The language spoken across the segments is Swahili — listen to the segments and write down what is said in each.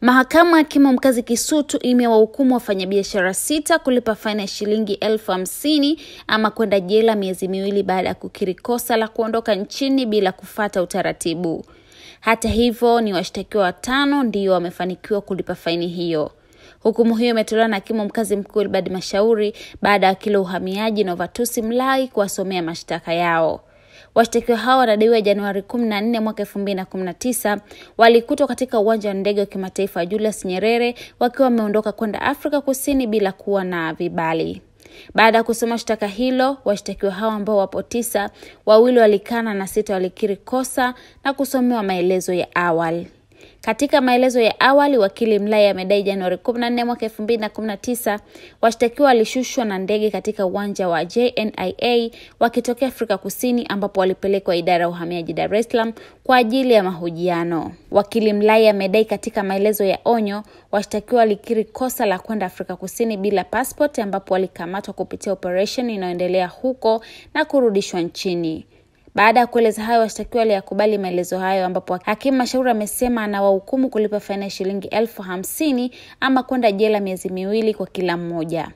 Mahakama ya hakimu mkazi Kisutu imewahukumu wafanyabiashara sita kulipa faini ya shilingi elfu hamsini ama kwenda jela miezi miwili baada ya kukiri kosa la kuondoka nchini bila kufata utaratibu. Hata hivyo, ni washtakiwa watano ndio wamefanikiwa kulipa faini hiyo. Hukumu hiyo imetolewa na hakimu mkazi mkuu Wilbard Mashauri baada ya wakili wa uhamiaji Novatusi Mlai kuwasomea mashtaka yao. Washtakiwa hao wanadaiwa Januari 14 mwaka 2019 walikutwa katika uwanja wa ndege wa kimataifa wa Julius Nyerere wakiwa wameondoka kwenda Afrika Kusini bila kuwa na vibali. Baada ya kusoma shtaka hilo, washtakiwa hao ambao wapo tisa, wawili walikana na sita walikiri kosa na kusomewa maelezo ya awali. Katika maelezo ya awali, wakili Mlai amedai Januari 14 mwaka 2019 washtakiwa walishushwa na ndege katika uwanja wa JNIA wakitokea Afrika Kusini, ambapo walipelekwa idara ya uhamiaji Dar es Salaam kwa ajili ya mahojiano. Wakili Mlai amedai katika maelezo ya onyo, washtakiwa walikiri kosa la kwenda Afrika Kusini bila passport, ambapo walikamatwa kupitia operation inayoendelea huko na kurudishwa nchini. Baada ya kueleza hayo, washtakiwa waliyakubali maelezo hayo, ambapo hakimu Mashauri amesema anawahukumu kulipa faini ya shilingi elfu hamsini ama kwenda jela miezi miwili kwa kila mmoja.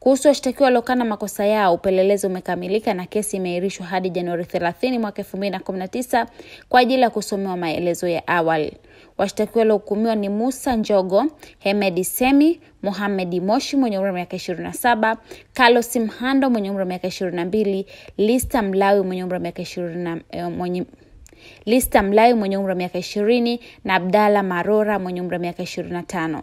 Kuhusu washtakiwa waliokana makosa yao, upelelezi umekamilika na kesi imeahirishwa hadi Januari 30 mwaka 2019 kwa ajili ya kusomewa maelezo ya awali. Washtakiwa waliohukumiwa ni Musa Njogo, Hemedi Semi, Mohamedi Moshi mwenye umri wa miaka 27, Carlos Mhando mwenye umri wa miaka 22, Lista Mlawi mwenye umri wa miaka 20 eh, mwenye Lista Mlawi mwenye umri wa miaka 20 na Abdalla Marora mwenye umri wa miaka tano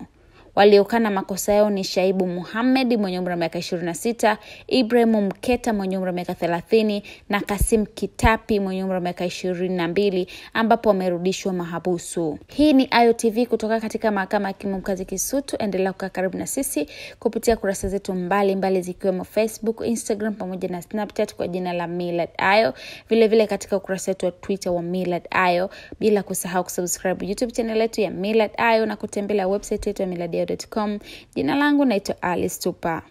Waliokana makosa yao ni Shaibu Muhamed mwenye umri wa miaka 26, Ibrahimu Mketa mwenye umri wa miaka 30 na Kasim Kitapi mwenye umri wa miaka 22, ambapo wamerudishwa mahabusu. Hii ni iotv kutoka katika mahakama ya hakimu Kisutu. Endelea kukaa karibu na sisi kupitia kurasa zetu mbalimbali zikiwemo Facebook, Instagram pamoja na Snapchat kwa jina la Millard Ayo, vilevile vile katika ukurasa wetu wa Twitter wa Millard Ayo, bila kusahau kusubscribe YouTube channel yetu ya Millard Ayo na kutembelea website yetu ya Millard gmail.com. Jina langu naitwa Alice Tupa.